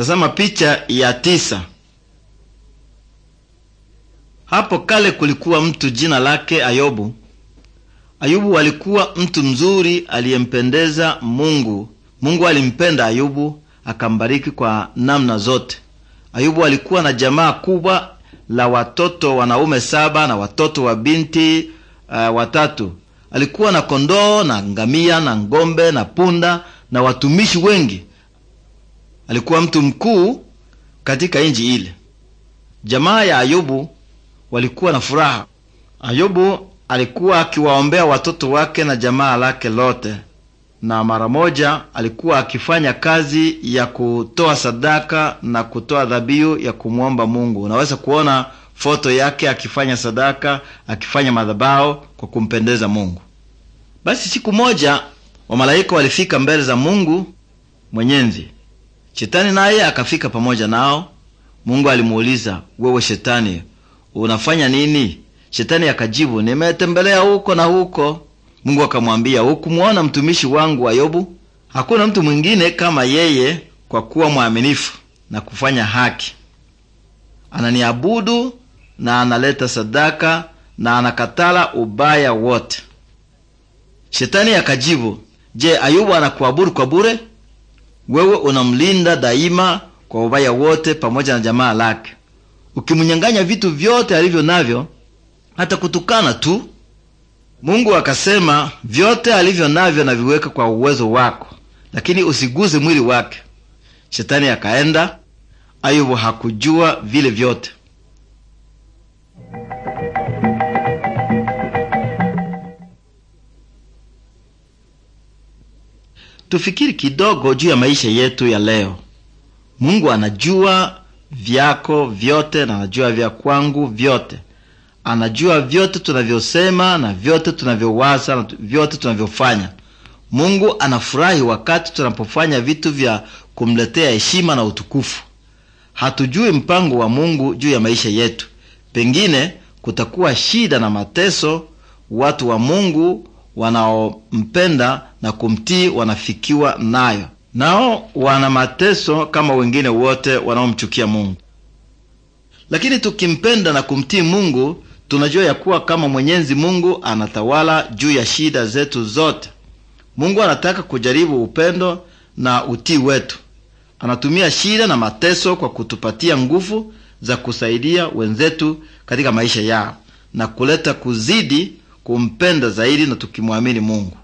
Tazama picha ya tisa. Hapo kale kulikuwa mtu jina lake Ayubu. Ayubu alikuwa mtu mzuri aliyempendeza Mungu. Mungu alimpenda Ayubu akambariki kwa namna zote. Ayubu alikuwa na jamaa kubwa la watoto wanaume saba na watoto wa binti uh, watatu. Alikuwa na kondoo na ngamia na ngombe na punda na watumishi wengi alikuwa mtu mkuu katika nchi ile. Jamaa ya Ayubu walikuwa na furaha. Ayubu alikuwa akiwaombea watoto wake na jamaa lake lote, na mara moja alikuwa akifanya kazi ya kutoa sadaka na kutoa dhabihu ya kumwomba Mungu. Unaweza kuona foto yake akifanya sadaka, akifanya madhabahu kwa kumpendeza Mungu. Basi siku moja wamalaika walifika mbele za Mungu Mwenyezi. Shetani naye akafika pamoja nao. Mungu alimuuliza, wewe Shetani, unafanya nini? Shetani akajibu, nimetembelea huko na huko. Mungu akamwambia, hukumuona mtumishi wangu Ayobu? Hakuna mtu mwingine kama yeye, kwa kuwa mwaminifu na kufanya haki, ananiabudu na analeta sadaka na anakatala ubaya wote. Shetani akajibu, je, Ayubu anakuabudu kwa bure? wewe unamlinda daima kwa ubaya wote pamoja na jamaa lake. Ukimnyang'anya vitu vyote alivyo navyo, hata kutukana tu. Mungu akasema, vyote alivyo navyo naviweka kwa uwezo wako, lakini usiguze mwili wake. Shetani akaenda. Ayubu hakujua vile vyote. Tufikiri kidogo juu ya maisha yetu ya leo. Mungu anajua vyako vyote na anajua vya kwangu vyote. Anajua vyote tunavyosema na vyote tunavyowaza na vyote tunavyofanya. Mungu anafurahi wakati tunapofanya vitu vya kumletea heshima na utukufu. Hatujui mpango wa Mungu juu ya maisha yetu. Pengine kutakuwa shida na mateso. Watu wa Mungu wanaompenda na kumtii wanafikiwa nayo, nao wana mateso kama wengine wote wanaomchukia Mungu. Lakini tukimpenda na kumtii Mungu, tunajua ya kuwa kama Mwenyezi Mungu anatawala juu ya shida zetu zote. Mungu anataka kujaribu upendo na utii wetu. Anatumia shida na mateso kwa kutupatia nguvu za kusaidia wenzetu katika maisha yao na kuleta kuzidi kumpenda zaidi na tukimwamini Mungu.